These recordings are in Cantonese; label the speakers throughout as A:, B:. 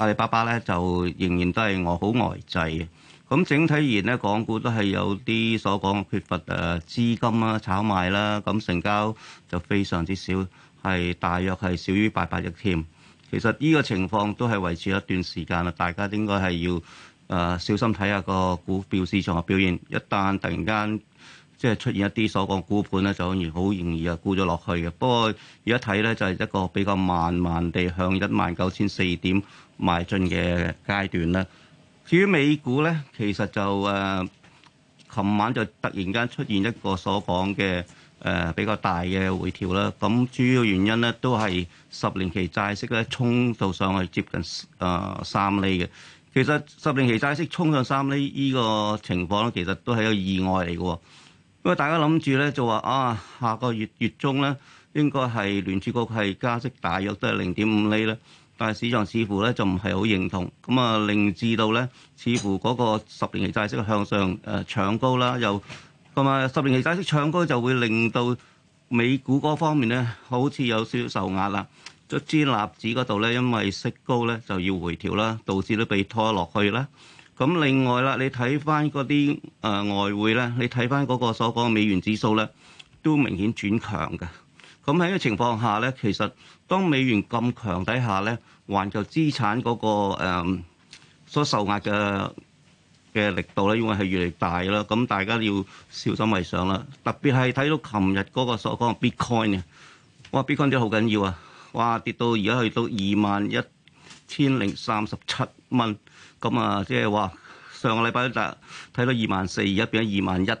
A: 阿里巴巴咧就仍然都係我好呆滯嘅，咁、呃呃、整體而言咧，港股都係有啲所講嘅缺乏誒資、呃、金啦、炒賣啦，咁、呃、成交就非常之少，係大約係少於八百億添。其實呢個情況都係維持一段時間啦，大家應該係要誒、呃、小心睇下個股票市場嘅表現，一旦突然間。即係出現一啲所講沽盤咧，就而好容易啊沽咗落去嘅。不過而家睇咧，就係一個比較慢慢地向一萬九千四點邁進嘅階段啦。至於美股咧，其實就誒琴、呃、晚就突然間出現一個所講嘅誒比較大嘅回調啦。咁主要原因咧都係十年期債息咧衝到上去接近誒三、呃、厘嘅。其實十年期債息衝上三厘呢個情況咧，其實都係一個意外嚟嘅。因為大家諗住咧，就話啊，下個月月中咧，應該係聯儲局係加息大約都係零點五厘啦。但係市場似乎咧就唔係好認同。咁啊，令至到咧，似乎嗰個十年期債息向上誒搶、呃、高啦，又咁啊、嗯，十年期債息搶高就會令到美股嗰方面咧，好似有少少受壓啦。卒之納指嗰度咧，因為息高咧就要回調啦，導致都被拖落去啦。咁另外啦，你睇翻嗰啲誒外匯咧，你睇翻嗰個所講美元指數咧，都明顯轉強嘅。咁喺呢個情況下咧，其實當美元咁強底下咧，環球資產嗰、那個、呃、所受壓嘅嘅力度咧，因為係越嚟越大啦，咁大家要小心為上啦。特別係睇到琴日嗰個所講嘅 Bitcoin，哇 Bitcoin 啲好緊要啊！哇跌到而家去到二萬一千零三十七蚊。咁啊，即係話上個禮拜睇到二萬四，而家變咗二萬一啊！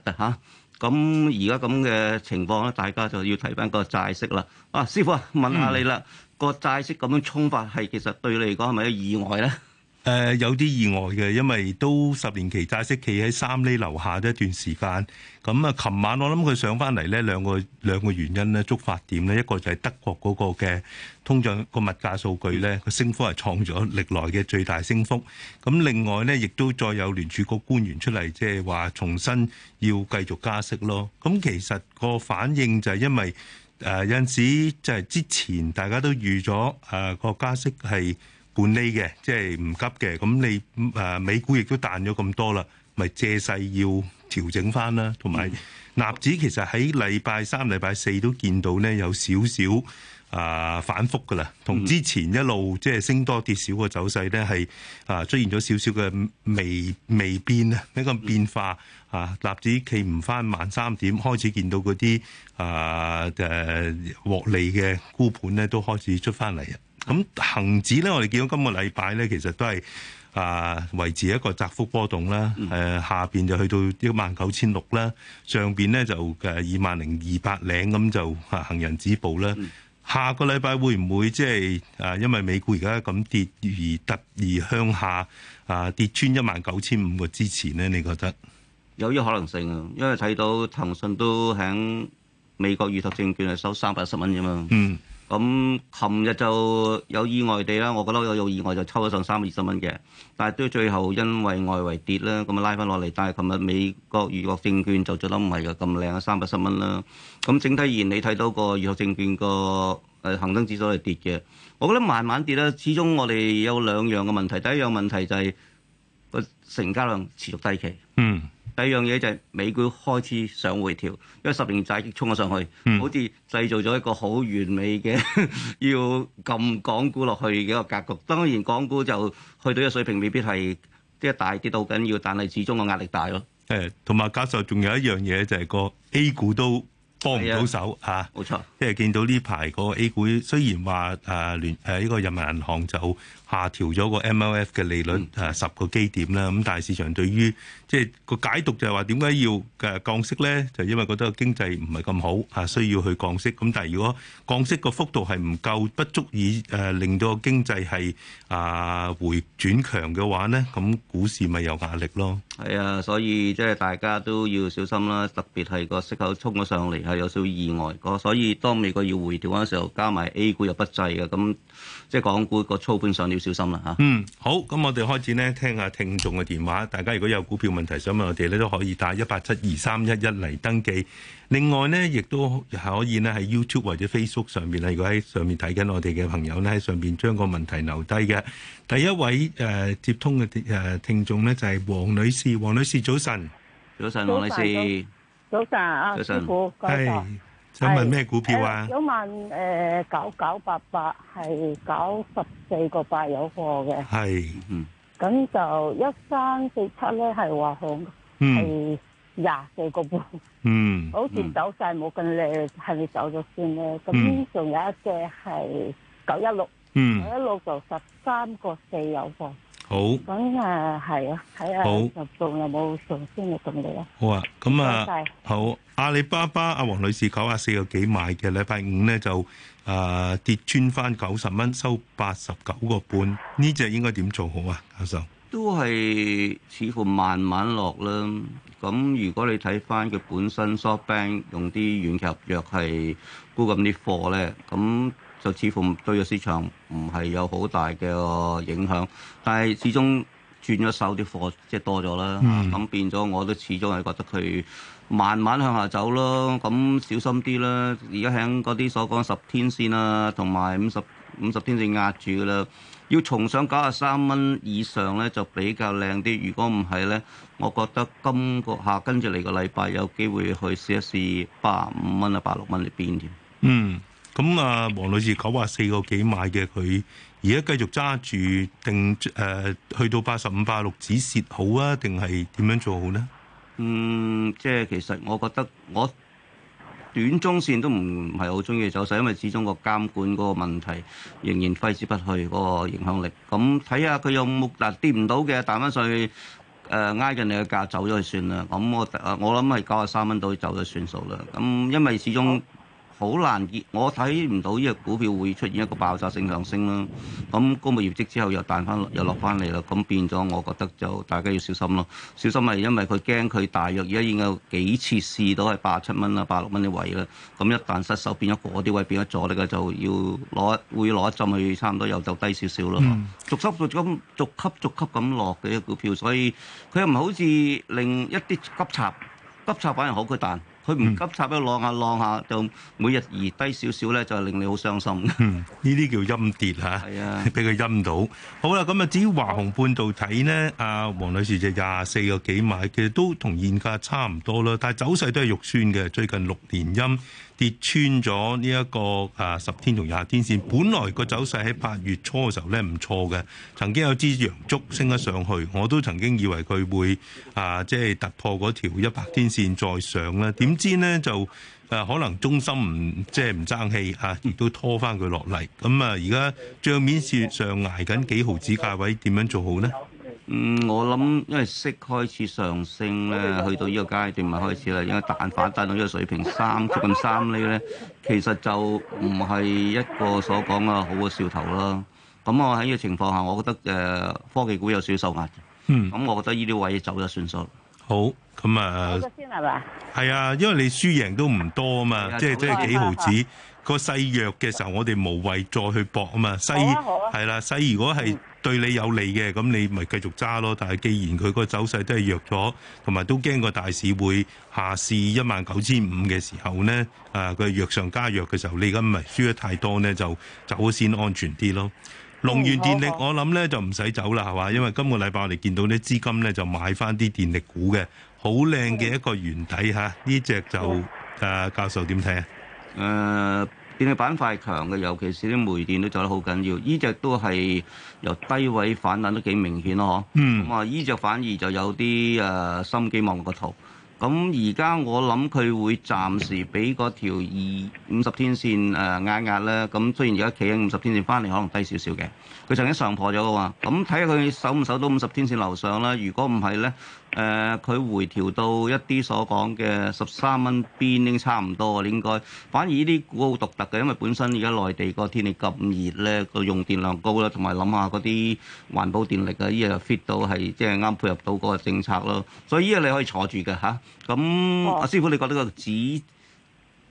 A: 嚇，咁而家咁嘅情況咧，大家就要睇翻個債息啦。啊，師傅啊，問下
B: 你啦，嗯、個債息咁樣衝法係其實對你嚟講係咪一個意外咧？誒有啲意外嘅，因為都十年期債息企喺三釐樓下咗一段時間，咁啊，琴晚我諗佢上翻嚟咧，兩個兩個原因咧，觸發點咧，一個就係德國嗰個嘅通脹個物價數據咧，個升幅係創咗歷來嘅最大升幅。咁另外咧，亦都再有聯儲局官員出嚟，即係話重新要繼續加息咯。咁其實個反應就係因為誒有陣時即係就係之前大家都預咗誒個加息係。換呢嘅，即係唔急嘅。咁你誒、呃、美股亦都彈咗咁多啦，咪借勢要調整翻啦。同埋納指其實喺禮拜三、禮拜四都見到呢有少少啊、呃、反覆噶啦，同之前一路即係升多跌少個走勢呢，係啊、呃、出現咗少少嘅微微變啊，一個變化啊。納指企唔翻萬三點，開始見到嗰啲啊誒獲利嘅沽盤呢，都開始出翻嚟。咁恒指咧，我哋見到今個禮拜咧，其實都係啊維持一個窄幅波動啦。誒、啊、下邊就去到一萬九千六啦，上邊咧就嘅二萬零二百零。咁、啊、就行人止步啦、啊。下個禮拜會唔會即係、就是、啊？因為美股而家咁跌而突然向下啊，跌穿一萬九千五個之前咧？你覺得
A: 有呢個可能性啊？因為睇到騰訊都喺美國預託證券係收三百一十蚊啫嘛。嗯。咁琴日就有意外地啦，我覺得有有意外就抽咗上三百二十蚊嘅，但係都最後因為外圍跌啦，咁啊拉翻落嚟。但係琴日美國預託證券就做得唔係嘅咁靚，三百十蚊啦。咁整體而言，你睇到個預託證券個誒恆生指數係跌嘅，我覺得慢慢跌啦。始終我哋有兩樣嘅問題，第一樣問題就係個成交量持續低企。嗯。第一樣嘢就係美股開始上回調，因為十年債衝咗上去，嗯、好似製造咗一個好完美嘅 要撳港股落去嘅一個格局。當然港股就去到嘅水平，未必係
B: 即係大跌到緊要，但係始終個壓力大咯。誒，同埋教授，仲有一樣嘢就係個 A 股都幫唔到手嚇，冇的、啊、錯，即係見到呢排個 A 股雖然話誒、啊、聯誒呢、啊、個人民銀行就，下調咗個 MLF 嘅利率啊，十個基點啦，咁但係市場對於即係個解讀就係話點解要誒降息咧？就因為覺得個經濟唔係咁好啊，需要去降息。咁但係如果降息個幅度係唔夠，不足以誒令到個經濟係啊回轉強嘅話咧，咁股市咪有壓力咯。
A: 係啊，所以即係大家都要小心啦。特別係個息口衝咗上嚟係有少少意外個，所以當美國要回調嗰時候，加埋 A 股
B: 又不濟嘅咁。即係港股個操盤上要小心啦嚇。啊、嗯，好，咁我哋開始呢，聽下聽眾嘅電話。大家如果有股票問題想問我哋咧，都可以打一八七二三一一嚟登記。另外呢，亦都可以呢喺 YouTube 或者 Facebook 上面，咧，如果喺上面睇緊我哋嘅朋友呢，喺上面將個問題留低嘅。第一位誒、呃、接通嘅誒聽眾呢，就係、是、王女士，王女士早晨，早晨，王女士，
C: 早晨啊，你好，係。
B: 你問咩股票啊？兩
C: 萬誒九九八八係九十四個八有貨嘅。
B: 係，嗯。
C: 咁就一三四七咧係話好，係廿四個半。嗯。
B: 好似走
C: 晒冇咁靚，係咪、嗯、走咗先咧？咁仲、嗯、有一隻係九一六。嗯。九一六就十三個四有貨。好，咁啊係啊，係啊，就
B: 做有冇重新嘅動力啊？好啊，咁啊，好，阿里巴巴阿王女士九十四個幾買嘅，禮拜五咧就啊跌穿翻九十蚊，收八十九個半，呢隻應該點做好啊？教授
A: 都係似乎慢慢落啦，咁如果你睇翻佢本身 SoftBank 用啲軟合約係沽緊啲貨咧，咁。就似乎對個市場唔係有好大嘅影響，但係始終轉咗手啲貨即係多咗啦，咁、嗯、變咗我都始終係覺得佢慢慢向下走咯，咁小心啲啦。而家喺嗰啲所講十天線啦、啊，同埋五十五十天線壓住噶啦，要重上九十三蚊以上咧就比較靚啲。如果唔係咧，我覺得今個下跟住嚟個禮拜有機會去
B: 試一試八十五蚊啊，八六蚊呢邊添。嗯。咁啊，黃女士九百四個幾買嘅佢，而家繼續揸住定誒去到八十五、八六止蝕好啊？定係點樣做好呢？嗯，
A: 即係其實我覺得我短中線都唔係好中意走勢，因為始終個監管嗰個問題仍然揮之不去嗰個影響力。咁睇下佢有冇嗱跌唔到嘅，彈返上去誒挨緊你嘅價走咗就算啦。咁我啊，我諗係九啊三蚊到走咗算數啦。咁因為始終。好難結，我睇唔到呢個股票會出現一個爆炸性上升啦。咁公布業績之後又彈翻，又落翻嚟啦。咁變咗，我覺得就大家要小心咯。小心咪因為佢驚佢大約而家已經有幾次試到係八七蚊啊、八六蚊嘅位啦。咁一旦失手變，變一個啲位變咗阻力嘅，就要攞會攞一浸去，差唔多又走低少少咯。逐級逐咁逐級逐級咁落嘅股票，所以佢又唔好似另一啲急插急插反而好，佢彈。佢唔、嗯、急插一，一浪，下浪下就每日移低少少咧，就係、令你好傷心。
B: 呢 啲、嗯、叫陰跌嚇，俾佢陰到。好啦，咁啊，至於華虹半導體呢，阿、啊、黃女士就廿四個幾買，其實都同現價差唔多啦，但係走勢都係肉酸嘅，最近六年陰。跌穿咗呢一個啊十天同廿天線，本來個走勢喺八月初嘅時候咧，唔錯嘅，曾經有支陽燭升咗上去，我都曾經以為佢會啊即係突破嗰條一百天線再上咧，點知呢，就誒可能中心唔即係唔爭氣啊，亦都拖返佢落嚟。咁啊而家帳面上捱緊幾毫子價位，點樣做好呢？
A: 嗯，我諗，因為息開始上升咧，去到呢個階段咪開始啦。因為彈反彈到呢個水平三接近三釐咧，其實就唔係一個所講嘅好嘅兆頭啦。咁我喺呢個情況下，我覺得誒、呃、科技股有少少受壓。嗯，
B: 咁我覺得呢啲位走就算數。好，咁、嗯、啊，先係嘛？係啊，因為你輸贏都唔多啊嘛，即係即係幾毫子。哈哈哈哈。個勢弱嘅時候，我哋無謂再去搏啊嘛。勢係啦，勢、啊啊、如果係對你有利嘅，咁你咪繼續揸咯。但係既然佢個走勢都係弱咗，同埋都驚個大市會下試一萬九千五嘅時候咧，佢個弱上加弱嘅時候，你而家咪輸得太多呢，就走先安全啲咯。龍源電力，啊、我諗呢就唔使走啦，係嘛？因為今個禮拜我哋見到呢資金呢，就買翻啲電力股嘅，好靚嘅一個圓底嚇，呢、啊、隻就誒、啊、教授點睇啊？誒。呃電力板塊係強嘅，尤其是啲
A: 煤電都做得好緊要。依隻都係由低位反彈都幾明顯咯，嗬、嗯。咁啊，依隻反而就有啲誒、呃、心機望個圖。咁而家我諗佢會暫時俾嗰條二五十天線誒、呃、壓壓啦。咁、嗯、雖然而家企喺五十天線翻嚟，可能低少少嘅。佢曾經上破咗嘅嘛。咁睇下佢守唔守到五十天線樓上啦？如果唔係咧？誒佢、呃、回調到一啲所講嘅十三蚊邊，應差唔多啊，應該。反而呢啲股好獨特嘅，因為本身而家內地個天氣咁熱咧，個用電量高啦，同埋諗下嗰啲環保電力啊，依樣 fit 到係即係啱配合到嗰個政策咯。所以依樣你可以坐住嘅吓。咁、啊、阿、哦、師傅，你覺得個指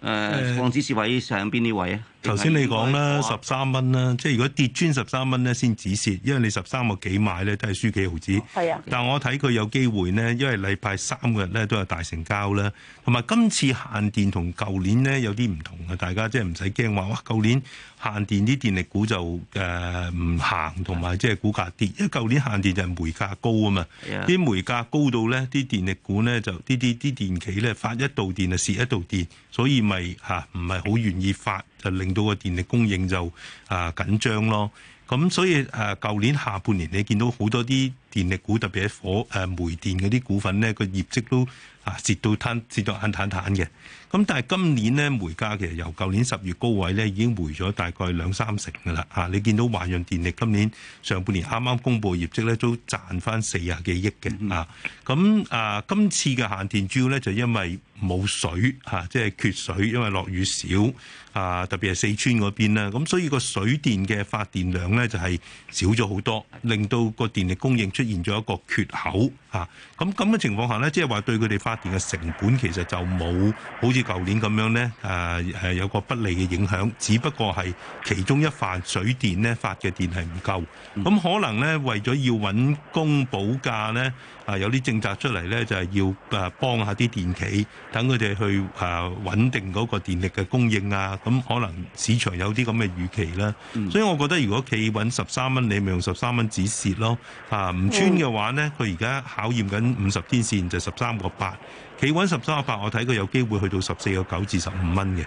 A: 誒黃指示位上邊啲位啊？頭先你講啦，十
B: 三蚊啦，啊，即係如果跌穿十三蚊咧，先止蝕，因為你十三個幾買咧，都係輸幾毫子。係、哦、啊，但我睇佢有機會呢，因為禮拜三日咧都係大成交啦，同埋今次限電同舊年呢，有啲唔同嘅，大家即係唔使驚話。哇，舊年限電啲電力股就誒唔、呃、行，同埋即係股價跌，因為舊年限電就係煤價高啊嘛。啲煤價高到呢，啲電力股呢，就啲啲啲電企呢發一度電就蝕一度電，所以咪嚇唔係好願意發。就令到個電力供應就啊、呃、緊張咯，咁所以誒舊、呃、年下半年你見到好多啲電力股，特別係火誒、呃、煤電嗰啲股份咧，個業績都啊蝕、呃、到攤蝕到眼坦坦嘅。咁但係今年呢，煤價其實由舊年十月高位呢已經回咗大概兩三成嘅啦吓，你見到華潤電力今年上半年啱啱公布業績呢都賺翻四廿幾億嘅啊。咁啊，今次嘅限電主要呢就因為冇水吓，即係缺水，因為落雨少啊，特別係四川嗰邊啦。咁所以個水電嘅發電量呢就係少咗好多，令到個電力供應出現咗一個缺口吓。咁咁嘅情況下呢，即係話對佢哋發電嘅成本其實就冇好似。舊年咁樣咧，誒、呃、係、呃、有個不利嘅影響，只不過係其中一塊水電咧，發嘅電係唔夠。咁可能咧，為咗要揾工補價咧。啊！有啲政策出嚟咧，就係、是、要啊幫下啲電企，等佢哋去啊穩定嗰個電力嘅供應啊。咁可能市場有啲咁嘅預期啦。嗯、所以我覺得，如果企穩十三蚊，你咪用十三蚊止蝕咯。嚇、啊、唔穿嘅話呢，佢而家考驗緊五十天線就十三個八。企穩十三個八，我睇佢有機會去到十四個九至十五蚊嘅。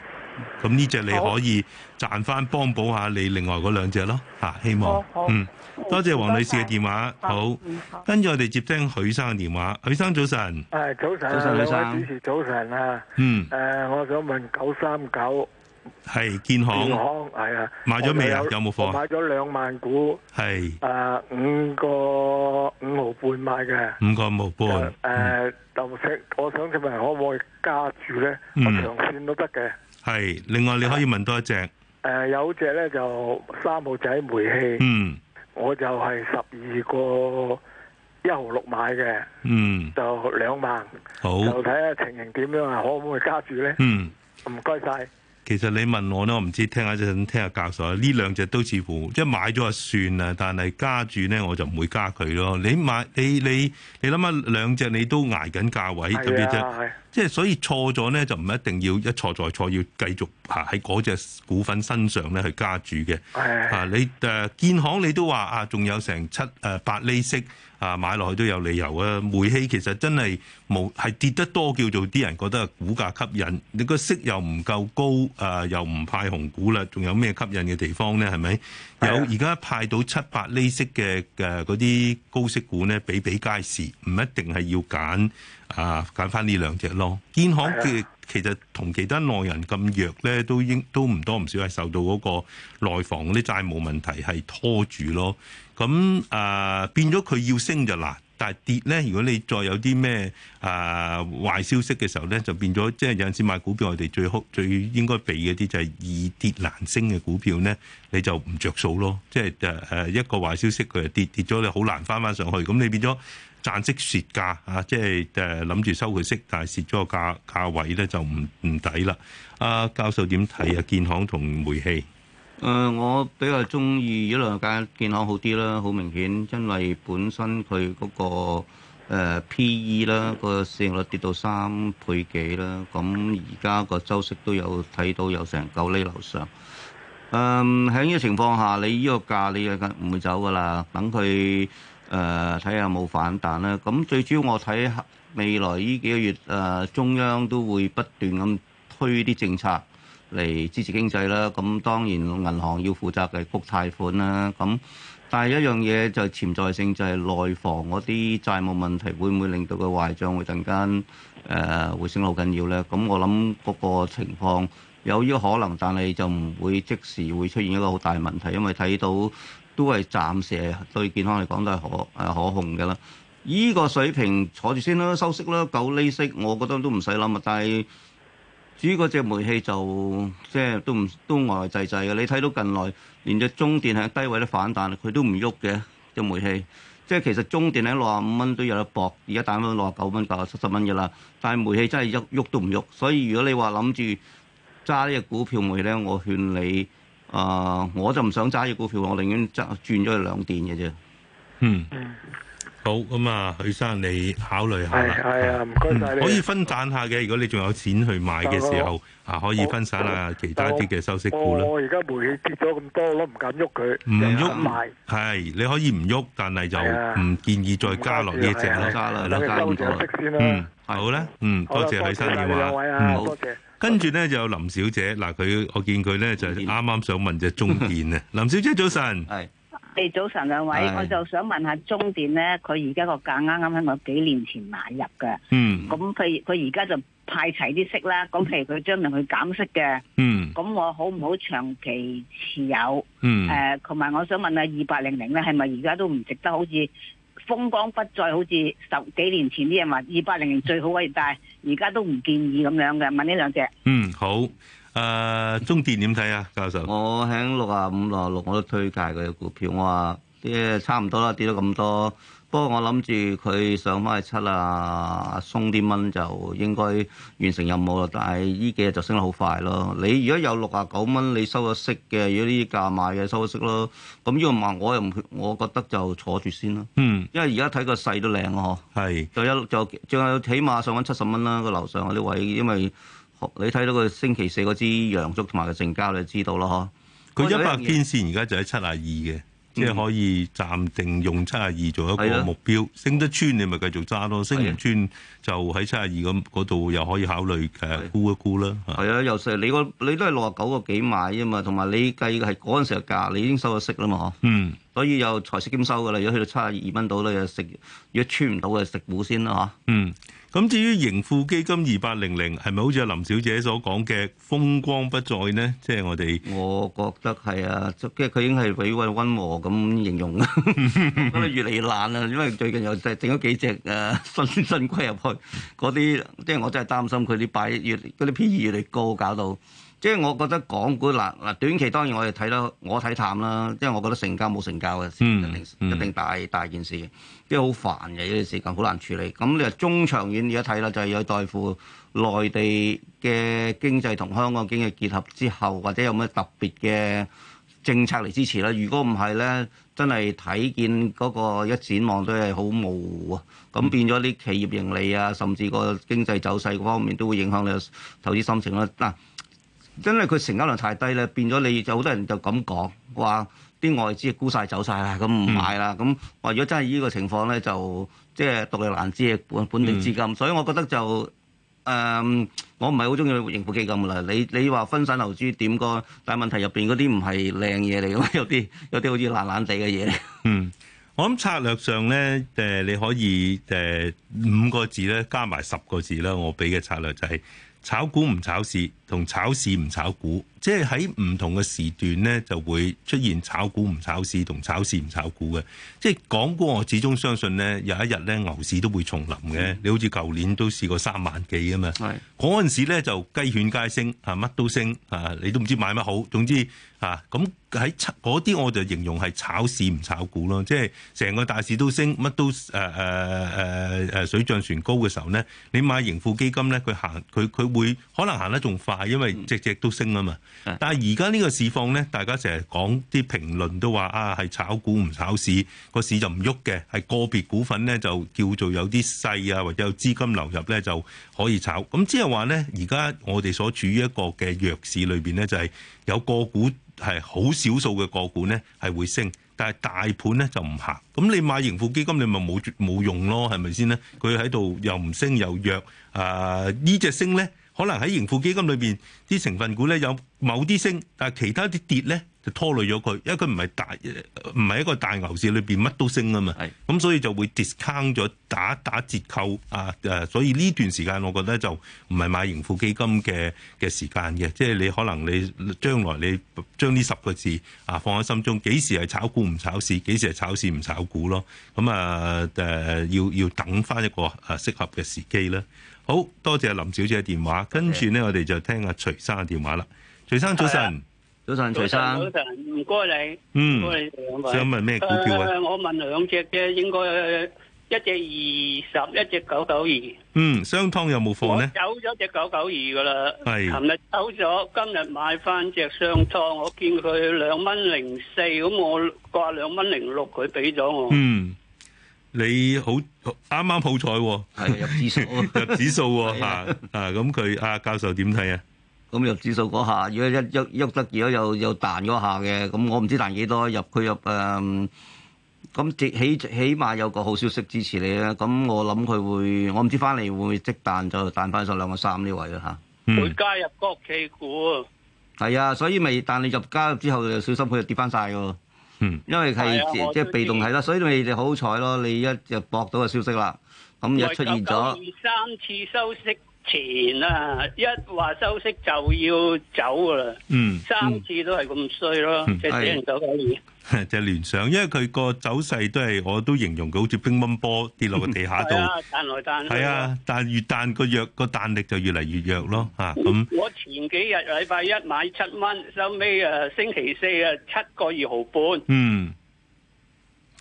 B: 咁呢隻你可以賺翻幫補下你另外嗰兩隻咯吓，希望嗯，多謝黃女士嘅電話，好，跟住我哋接聽許生嘅電話，許生早晨，
C: 係早晨，早晨，主持，早晨啊，嗯，誒，我想問九三九
B: 係建行，建
C: 行係啊，買咗未啊？有冇貨？買咗兩萬股，係，誒五個五毫半買嘅，
B: 五個五毫半，
C: 誒，我想我想問可唔可以加注咧？長線都得嘅。
B: 係，另外你可以問多一隻，誒、
C: 啊、有隻咧就三號仔煤氣，嗯，我就係十二個一毫六買嘅，嗯，就兩萬，好，就睇下情形點樣啊，可唔可以加住咧？
B: 嗯，
C: 唔該晒。
B: 其實你問我咧，我唔知聽下陣聽下教授啦。呢兩隻都似乎即係買咗就算啦，但係加住咧我就唔會加佢咯。你買你你你諗下兩隻你都捱緊價位，的特別的即即係所以錯咗咧就唔一定要一錯再錯，要繼續。喺嗰隻股份身上咧，去加注嘅。的啊，你誒、呃、建行你都話啊，仲有成七誒、呃、八厘息啊，買落去都有理由啊。煤氣其實真係冇係跌得多，叫做啲人覺得係股價吸引。你個息又唔夠高啊、呃，又唔派紅股啦，仲有咩吸引嘅地方咧？係咪有而家派到七八厘息嘅嘅嗰啲高息股咧，比比皆是，唔一定係要揀，啊，揀翻呢兩隻咯，建行嘅其實同其他內人咁弱咧，都應都唔多唔少係受到嗰個內房啲債務問題係拖住咯。咁、嗯、啊、呃，變咗佢要升就難，但係跌咧，如果你再有啲咩啊壞消息嘅時候咧，就變咗即係有陣時買股票，我哋最好最應該避嗰啲就係易跌難升嘅股票咧，你就唔着數咯。即係誒誒一個壞消息就，佢跌跌咗，你好難翻翻上去，咁你變咗。暫時蝕價啊！即係誒諗住收佢息，但係蝕咗個價價位咧就唔唔抵啦。阿教授點睇啊？建行同煤氣？
A: 誒，我比較中意依兩間建行好啲啦，好明顯，因為本身佢嗰個誒 P/E 啦，個市盈率跌到三倍幾啦，咁而家個周息都有睇到有成九厘樓上。誒，喺依個情況下，你依個價你就唔會走噶啦，等佢。誒睇下有冇反彈啦，咁最主要我睇未來呢幾個月誒中央都會不斷咁推啲政策嚟支持經濟啦。咁當然銀行要負責嘅谷貸款啦。咁但係一樣嘢就係潛在性，就係、是、內房嗰啲債務問題會唔會令到個壞帳會突然間誒會升好緊要咧？咁我諗嗰個情況有呢個可能，但係就唔會即時會出現一個好大問題，因為睇到。都係暫時係對健康嚟講都係可誒、啊、可控嘅啦。依、呢個水平坐住先啦，收息啦，九厘息，我覺得都唔使諗啊。但係至於嗰隻煤氣就即係都唔都呆滯滯嘅。你睇到近來連隻中電喺低位反彈都反彈，佢都唔喐嘅，隻煤氣。即係其實中電喺六十五蚊都有得搏，而家打翻六十九蚊、打到七十蚊嘅啦。但係煤氣真係一喐都唔喐，所以如果你話諗住揸呢隻股票煤咧，我勸你。啊！我就唔
B: 想揸住股票，我寧願揸轉咗去兩電嘅啫。嗯。好，咁啊，許生你考慮下啦。係啊，唔該曬你。可以分散下嘅，如果你仲有錢去買嘅時候，啊，可以分散下其他啲嘅收息股啦。
C: 我而家煤氣跌咗咁多，我唔敢喐佢。唔喐賣
B: 係，你可以唔喐，但係就唔建議再加落嘢，淨加啦，加唔到啦。嗯。好啦，嗯，多謝許生嘅話。好。跟住咧就有林小姐，嗱佢我見佢咧就啱啱想問隻中電啊，林小姐早晨，
C: 係，誒早晨兩位，我就想問下中電咧，佢而家個價啱啱喺我幾年前買入嘅，嗯，咁佢佢而家就派齊啲息啦，咁譬如佢將來佢減息嘅，嗯，咁我好唔好長期持有？嗯，誒，同埋我想問下二八零零咧，係咪而家都唔值得好似？風光不再，好似十幾年前啲人話二百零零最好嘅，但係而家都唔建議咁樣嘅。問呢兩隻？
B: 嗯，好。誒、呃，中電點睇啊，教授？我喺六啊五、六啊
A: 六，我都推介佢嘅股票。我話啲差唔多啦，跌咗咁多。不過我諗住佢上翻去七啊，鬆啲蚊就應該完成任務啦。但係依幾日就升得好快咯。你如果有六啊九蚊，你收咗息嘅，如果呢啲價賣嘅收咗息咯。咁呢唔問我又唔，我覺得就坐住先啦。嗯。因為而家睇個勢都靚啊，嗬是。係。就一就仲有起碼上翻七十蚊啦，個樓上嗰啲位，因為
B: 你睇到佢星期四嗰支陽燭同埋佢成交你就知道啦，嗬。佢一百天線而家就喺七啊二嘅。即係可以暫定用七廿二做一個目標，啊、升得穿你咪繼續揸咯，啊、升唔穿就喺七廿二個嗰度又可以考慮誒沽一沽啦。
A: 係啊，啊啊又成你你都係六廿九個幾買啫嘛，同埋你計係嗰陣時嘅價，你已經收咗息啦嘛，啊、嗯。所以又財色兼收噶啦，如果去到七十二蚊度咧，又食如果
B: 穿唔到嘅食糊先啦嚇。嗯，咁至於盈富基金二八零零係咪好似阿林小姐所講嘅風光不再呢？即係我哋，我覺得係啊，即係
A: 佢已經係俾個溫和咁形容，咁 越嚟越難啦。因為最近又就整咗幾隻誒新新規入去，嗰啲即係我真係擔心佢啲擺越嗰啲 P/E 越嚟越高，搞到。即係我覺得港股嗱嗱短期當然我哋睇到，我睇淡啦。即係我覺得成交冇成交嘅事，一定、嗯、一定大大件事，即係好煩嘅呢段時間，好難處理。咁你話中長遠而家睇啦，就係有待於內地嘅經濟同香港經濟結合之後，或者有乜特別嘅政策嚟支持啦。如果唔係咧，真係睇見嗰個一展望都係好模糊啊。咁變咗啲企業盈利啊，甚至個經濟走勢嗰方面都會影響你投資心情啦。嗱、啊。真係佢成交量太低咧，變咗你就好多人就咁講話啲外資嘅沽晒走晒啦，咁唔買啦，咁話、嗯、如果真係依個情況咧，就即係獨力難支嘅本、嗯、本地資金，所以我覺得就誒、呃，我唔係好中意去盈富基金㗎啦。你你話分散投資點個？但係問題入邊嗰啲唔係靚嘢嚟嘅，有啲有啲好似爛爛地嘅嘢。嗯，
B: 我諗策略上咧，誒、呃、你可以誒、呃、五個字咧，加埋十個字啦。我俾嘅策略就係炒股唔炒市。同炒市唔炒股，即係喺唔同嘅時段咧，就會出現炒股唔炒市同炒市唔炒股嘅。即係港股，我始終相信咧，有一日咧，牛市都會重臨嘅。嗯、你好似舊年都試過三萬幾啊嘛，係嗰陣是時咧就雞犬皆升啊，乜都升啊，你都唔知買乜好。總之啊，咁喺嗰啲我就形容係炒市唔炒股咯，即係成個大市都升，乜都誒誒誒誒水漲船高嘅時候咧，你買盈富基金咧，佢行佢佢會可能行得仲快。因為只只都升啊嘛，但係而家呢個市況咧，大家成日講啲評論都話啊，係炒股唔炒市，個市就唔喐嘅，係個別股份咧就叫做有啲勢啊，或者有資金流入咧就可以炒。咁即係話咧，而家我哋所處於一個嘅弱市裏邊咧，就係、是、有個股係好少數嘅個股咧係會升，但係大盤咧就唔行。咁你買盈富基金，你咪冇冇用咯，係咪先咧？佢喺度又唔升又弱，啊、呃、呢隻升咧？可能喺盈富基金裏面啲成分股有某啲升，但係其他啲跌呢？就拖累咗佢，因為佢唔係大，唔係一個大牛市裏邊乜都升啊嘛。咁是所以就會 discount 咗打打折扣啊誒，所以呢段時間我覺得就唔係買盈富基金嘅嘅時間嘅，即係你可能你將來你將呢十個字啊放喺心中，幾時係炒股唔炒市，幾時係炒市唔炒股咯？咁啊誒、啊，要要等翻一個誒適合嘅時機啦。好多謝林小姐嘅電話，跟住的呢我哋就聽阿徐生嘅電話啦。徐生早晨。多謝
C: 徐生，唔該你，嗯，想問咩股票啊？我問兩隻啫，應該一隻二十，一隻九九二。嗯，
B: 商湯有冇貨呢？
C: 有咗隻九九二噶啦，
B: 係。琴日
C: 走咗，今日買翻隻商湯，我見佢兩蚊零四，咁我掛兩蚊零六，佢俾咗我。嗯，
B: 你好啱啱好彩，係入指數，入指數吓啊！咁佢阿教授點
A: 睇啊？咁入指數嗰下，如果一喐喐得，如果又又彈嗰下嘅，咁我唔知彈幾多入佢入誒，咁、嗯、起起起碼有個好消息支持你咧。咁我諗佢會，我唔知翻嚟會唔會即彈就彈翻上兩個三呢位啦嚇。會加入
C: 國
A: 企股，係啊，所以咪彈你入加入之後就小心佢就跌翻晒嘅，因為係、啊、即係被動係啦，所以咪就好彩咯。你一就博到個消息啦，咁又出現咗三次收
C: 息。前啊，一話收息就要走噶啦，三次都係咁衰咯，即係點樣
B: 走都可以，即係聯想，因為佢個走勢都係，我都形容佢好似乒乓波跌落個地下度，係啊，彈來彈去。係啊，但係越彈個弱個彈力就越嚟越弱咯，吓咁。
C: 我前幾日禮拜一買七蚊，收尾誒星期四啊七個二
B: 毫半。嗯。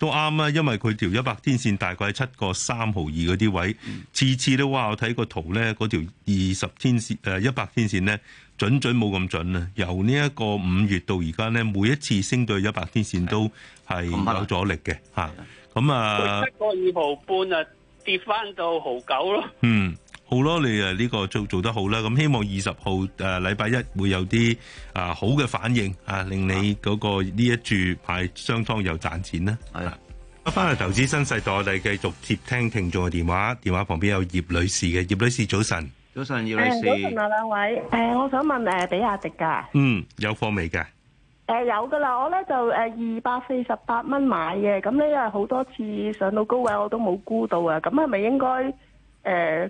B: 都啱啊，因為佢條一百天線大概係七個三毫二嗰啲位，嗯、次次都哇！我睇個圖咧，嗰條二十天線誒一百天線咧，準準冇咁準啊！由呢一個五月到而家咧，每一次升到一百天線都係有阻力嘅嚇。咁、嗯、啊，七
C: 個二毫半啊，跌翻到毫九咯。嗯。
B: 好咯，你誒呢個做做得好啦，咁希望二十號誒禮拜一會有啲啊好嘅反應啊，令你嗰個呢一注牌相當有賺錢啦。係啦，翻去投資新世代，我哋繼續接聽聽眾嘅電話，電話旁邊有葉女士嘅，葉女士早晨。早晨，葉女士。
C: 早晨啊，兩位。誒，我想問誒，比亞迪噶？
B: 嗯，有貨未噶？
C: 誒，有噶啦，我咧就誒二百四十八蚊買嘅，咁咧好多次上到高位我都冇沽到啊，咁係咪應該誒？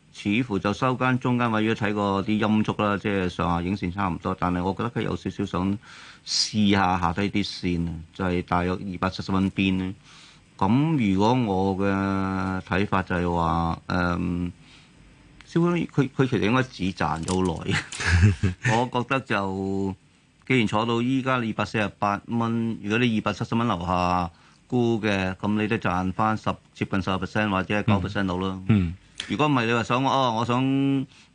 A: 似乎就收間中間位，要睇過啲陰燭啦，即係上下影線差唔多。但係我覺得佢有少少想試下下低啲線啊，就係、是、大約二百七十蚊邊咧。咁、嗯、如果我嘅睇法就係話，誒、嗯，燒佢佢其實應該止賺咗好耐。我覺得就，既然坐到依家二百四十八蚊，如果你二百七十蚊樓下沽嘅，咁你都賺翻十接近十個 percent 或者九個 percent 到啦。嗯。如果唔係你話想哦，我想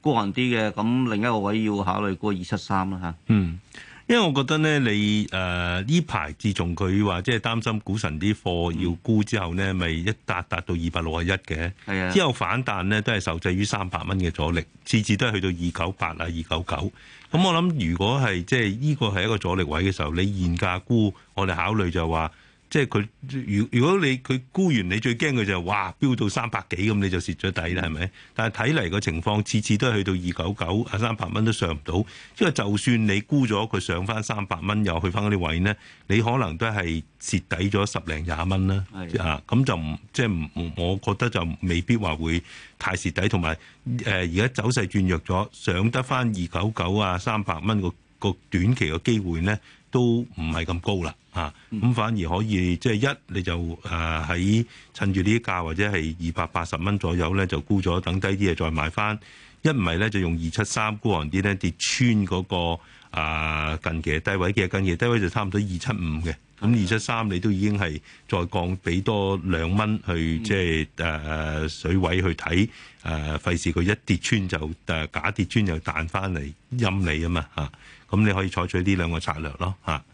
A: 孤寒啲嘅，咁另一個位要考慮沽二七三啦吓。
B: 嗯，因為我覺得呢，你誒呢排自從佢話即係擔心股神啲貨要沽之後呢，咪、嗯、一達達到二百六十一嘅。係啊的。之後反彈呢都係受制於三百蚊嘅阻力，次次都係去到二九八啊、二九九。咁我諗，如果係即係呢個係一個阻力位嘅時候，你現價沽，我哋考慮就話。即係佢，如如果你佢沽完，你最驚嘅就係，哇，飆到三百幾咁，你就蝕咗底啦，係咪？但係睇嚟個情況，次次都係去到二九九啊，三百蚊都上唔到。因為就算你沽咗，佢上翻三百蚊，又去翻嗰啲位咧，你可能都係蝕底咗十零廿蚊啦。係啊，咁就唔即係唔，我覺得就未必話會太蝕底，同埋誒而家走勢轉弱咗，上得翻二九九啊，三百蚊個個短期嘅機會咧。都唔係咁高啦，嚇、啊，咁反而可以即係、就是、一你就誒喺、呃、趁住呢啲價或者係二百八十蚊左右咧就沽咗，等低啲嘢再買翻。一唔係咧就用二七三沽完啲咧跌穿嗰、那個、呃、近期低位嘅近期低位就差唔多二七五嘅。咁二七三你都已經係再降，俾多兩蚊去即係誒、呃、水位去睇誒，費事佢一跌穿就誒、呃、假跌穿就彈翻嚟陰你嘛啊嘛嚇！咁你可以採取呢兩個策略咯嚇、啊。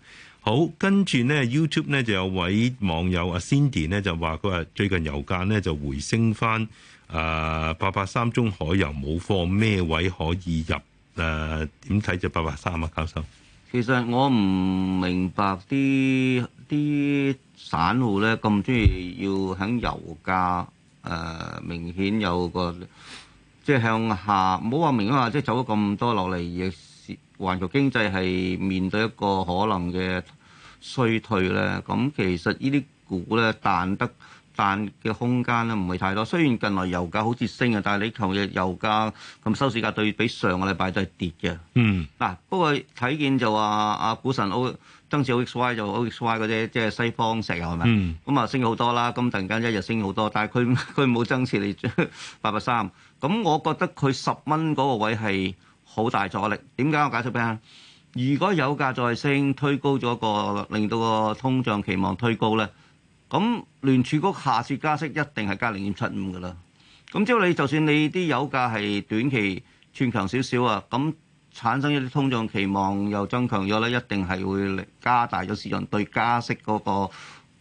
B: 好，跟住咧 YouTube 咧就有位網友阿 Cindy 咧就話佢話最近油價咧就回升翻誒八八三中海油冇貨咩位可以入誒？點、呃、睇就八八三啊，教授。其實
A: 我唔明白啲啲散戶咧咁中意要喺油價誒、呃、明顯有個即係向下，唔好話明啊嘛！即係走咗咁多落嚟，亦是環球經濟係面對一個可能嘅衰退咧。咁其實呢啲股咧彈得。但嘅空間咧唔會太多，雖然近來油價好似升啊，但係你琴日油價咁收市價對比上個禮拜都係跌嘅。嗯。嗱，不過睇見就話阿股神 O 增持 OXY 就 OXY 嗰啲即係西方石油係咪？嗯。咁啊、mm. 升好多啦，咁突然間一日升好多，但係佢佢冇增持嚟八百三，咁我覺得佢十蚊嗰個位係好大阻力。點解我解釋俾你聽？如果油價再升，推高咗個令到個通脹期望推高咧。咁聯儲局下次加息一定係加零點七五嘅啦。咁即係你就算你啲油價係短期串強少少啊，咁產生一啲通脹期望又增強咗咧，一定係會力加大咗市場對加息嗰個、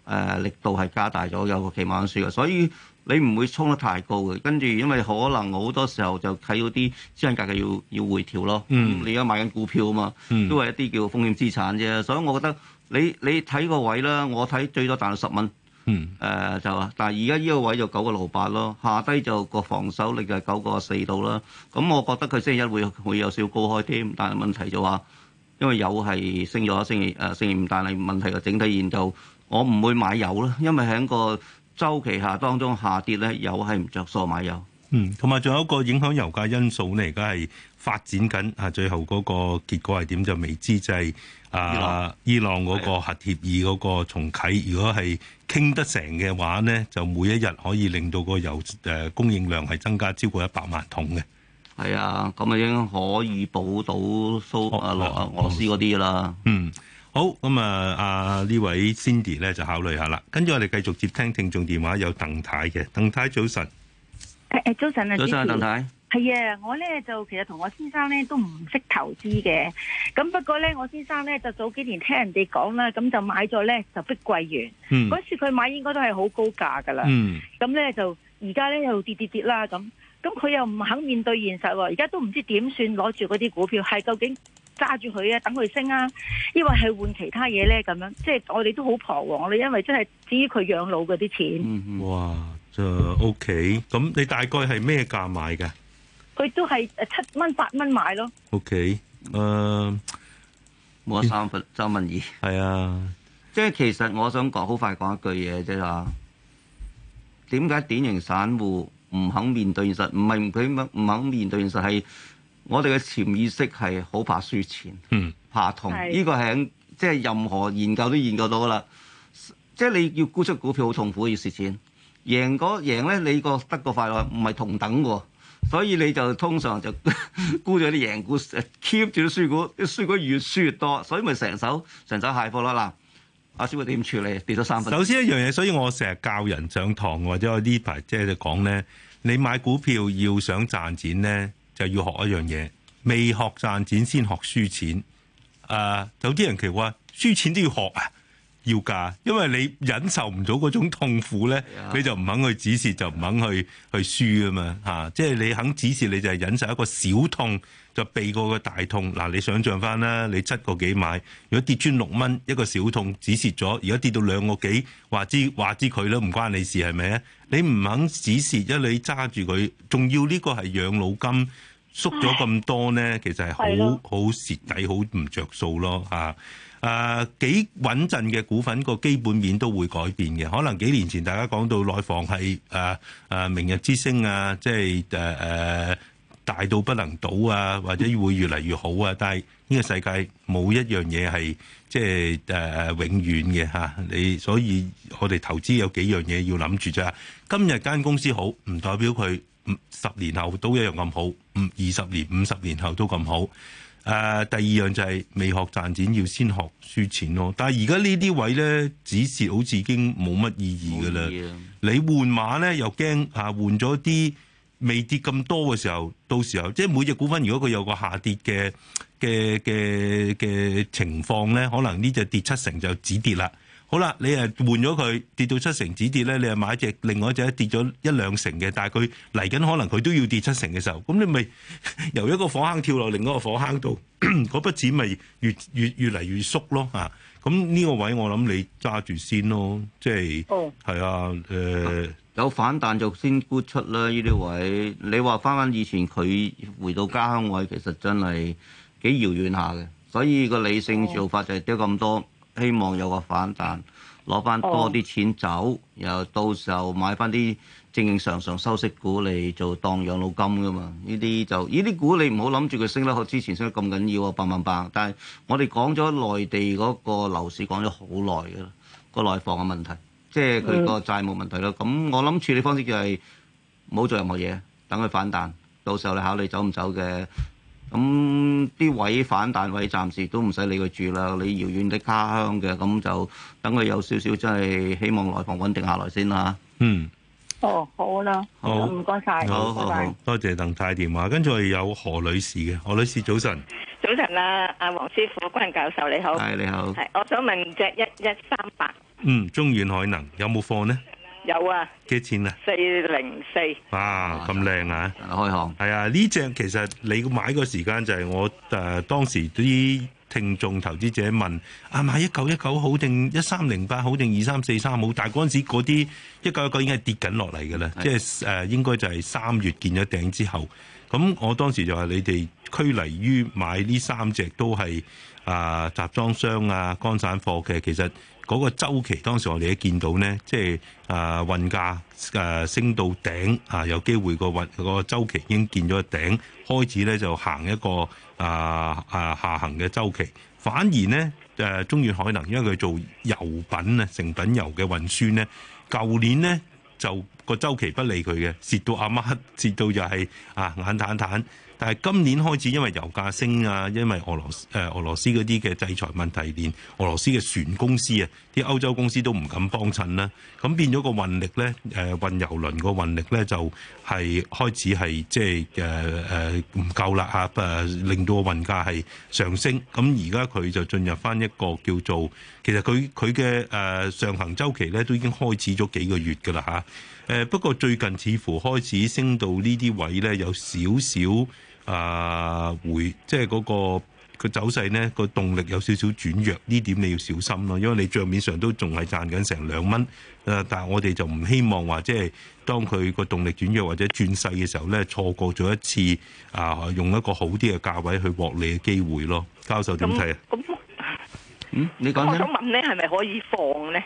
A: 呃、力度係加大咗，有個期望輸嘅。所以你唔會衝得太高嘅。跟住因為可能好多時候就睇嗰啲資產價格要要回調咯。嗯。你而家買緊股票啊嘛，嗯、都係一啲叫風險資產啫。所以我覺得你你睇個位啦，我睇最多賺到十蚊。嗯，誒、呃、就，但係而家呢個位就九個六八咯，下低就個防守力就九個四度啦。咁我覺得佢星期一會會有少高開啲，但係問題就話，因為油係升咗，星期誒星期五，但係問題個整體現就，我唔會買油啦，因為喺個周期下當中下跌咧，油係唔着數買油。
B: 嗯，同埋仲有一個影響油價因素咧，而家係發展緊啊，最後嗰個結果係點就未知，就係、是。啊！伊朗嗰個核協議嗰個重啟，啊、如果係傾得成嘅話咧，就每一日可以令到個油誒、呃、供應量係增加超過一百萬桶嘅。係啊，咁啊已經可以補到蘇、哦、啊俄羅斯嗰啲啦。嗯，好，咁、嗯、啊，阿呢位 Cindy 咧就考慮下啦。跟住我哋繼續接聽聽眾電話有鄧，有鄧太嘅。鄧太早晨。誒誒，早晨啊，早晨，鄧太。
C: 係啊，我咧就其實同我先生咧都唔識投資嘅，咁不過咧我先生咧就早幾年聽人哋講啦，咁就買咗咧就碧桂園，嗰、嗯、次佢買應該都係好高價噶啦，咁咧、嗯、就而家咧又跌跌跌啦，咁咁佢又唔肯面對現實，而家都唔知點算，攞住嗰啲股票係究竟揸住佢啊，等佢升啊，抑或係換其他嘢咧？咁樣即係我哋都好彷徨，我哋因為真係至於佢養老嗰啲錢，
B: 哇就、嗯、OK，咁你大概係咩價買噶？佢都係誒七蚊八蚊買咯。
A: OK，誒冇得三分，周文儀係啊。即係 其實我想講好快講一句嘢即係話，點解典型散戶唔肯面對現實？唔係佢唔肯面對現實，係我哋嘅潛意識係好怕輸錢，嗯，怕痛同。呢是個係即係任何研究都研究到噶啦。即係你要沽出股票好痛苦，要蝕錢，贏嗰贏咧你個得個快樂唔係同等嘅喎。所以你就通常就沽咗啲贏股，keep 住啲輸股，啲輸股越輸越多，所以咪成手成手蟹貨咯嗱。阿小慧點處理？跌咗三分。首先一樣
B: 嘢，所以我成日教人上堂或者我呢排即係就講咧，你買股票要想賺錢咧，就要學一樣嘢，未學賺錢先學輸錢。誒、呃，有啲人奇怪，輸錢都要學啊？要㗎，因為你忍受唔到嗰種痛苦咧，你就唔肯去止蝕，就唔肯去去輸嘛啊嘛嚇！即係你肯止蝕，你就係忍受一個小痛，就避過個大痛。嗱、啊，你想象翻啦，你七個幾買，如果跌穿六蚊，一個小痛止蝕咗，如果跌到兩個幾，話知話知佢都唔關你事係咪啊？你唔肯止蝕，一你揸住佢，仲要呢個係養老金縮咗咁多咧，其實係好好蝕底，好唔着數咯嚇。啊誒幾穩陣嘅股份個基本面都會改變嘅，可能幾年前大家講到內房係誒誒明日之星啊，即係誒誒大到不能倒啊，或者會越嚟越好啊。但係呢個世界冇一樣嘢係即係誒永遠嘅嚇，你所以我哋投資有幾樣嘢要諗住啫。今日間公司好，唔代表佢十年後都一樣咁好，唔二十年、五十年後都咁好。誒第二樣就係未學賺錢要先學輸錢咯，但係而家呢啲位咧止蝕好似已經冇乜意義噶啦，你換馬咧又驚嚇換咗啲未跌咁多嘅時候，到時候即係每隻股份如果佢有個下跌嘅嘅嘅嘅情況咧，可能呢隻跌七成就止跌啦。好啦，你誒換咗佢跌到七成止跌咧，你誒買隻另外一隻跌咗一兩成嘅，但係佢嚟緊可能佢都要跌七成嘅時候，咁你咪由一個火坑跳落另一個火坑度，嗰筆錢咪越越越嚟越縮咯嚇。咁呢個位我諗你揸住先咯，即係，係啊，誒有反彈就先沽出啦呢啲位。
A: 你話返返以前佢回到家鄉位，其實真係幾遙遠下嘅，所以個理性做法就係跌咁多。希望有個反彈，攞翻多啲錢走，oh. 然後到時候買翻啲正正常常收息股嚟做當養老金噶嘛？呢啲，就呢啲股你唔好諗住佢升得，我之前升得咁緊要啊，百萬百。但係我哋講咗內地嗰個樓市講咗好耐啦，個內房嘅問題，即係佢個債務問題咯。咁、mm. 我諗處理方式就係唔好做任何嘢，等佢反彈，到時候你考慮走唔走嘅。咁啲位反彈位，暫時都唔使理佢住啦。你遙遠的家鄉嘅，咁就等佢有少少，真係希
B: 望內房穩定下來先嚇。嗯，哦，好
C: 啦，好唔該曬，好拜拜。
B: 多謝鄧太電話，跟住有何女士嘅。何女士，早晨。
C: 早晨啊，阿黃師傅、關教授你好。
B: 係，你好，係。
C: 我想問隻一一三八，
B: 嗯，中遠海能有冇貨呢？有啊，幾錢啊？四零四，哇，咁靚啊！開行係啊，呢隻其實你買個時間就係我誒、呃、當時啲聽眾投資者問啊，買一九一九好定一三零八好定二三四三好？但係嗰陣時嗰啲一九一九已經係跌緊落嚟噶啦，的即係誒、呃、應該就係三月見咗頂之後，咁我當時就係你哋拘泥於買呢三隻都係。啊！集裝箱啊，乾散貨嘅其實嗰個週期，當時我哋都見到咧，即係啊運價啊升到頂啊，有機會個運個周期已經見咗頂，開始咧就行一個啊啊下行嘅周期。反而咧誒、啊、中遠海能，因為佢做油品啊成品油嘅運輸咧，舊年咧就個周期不利佢嘅，蝕到阿媽黑，蝕到就係、是、啊眼坦坦。但係今年開始，因為油價升啊，因為俄羅斯誒、呃、俄羅斯嗰啲嘅制裁問題連，連俄羅斯嘅船公司啊，啲歐洲公司都唔敢幫襯啦。咁變咗個運力咧，誒、呃、運油輪個運力咧就係、是、開始係即係誒誒唔夠啦嚇，誒、啊、令到個運價係上升。咁而家佢就進入翻一個叫做其實佢佢嘅誒上行週期咧，都已經開始咗幾個月㗎啦嚇。誒、啊、不過最近似乎開始升到呢啲位咧，有少少。啊，回即係嗰、那個個走勢，呢個動力有少少轉弱，呢點你要小心咯，因為你賬面上都仲係賺緊成兩蚊，誒、啊，但係我哋就唔希望話即係當佢個動力轉弱或者轉勢嘅時候呢，錯過咗一次啊，用一個好啲嘅價位去獲利嘅機會咯。教授點睇啊？咁、嗯，你講，我想問
C: 呢係咪可以放呢？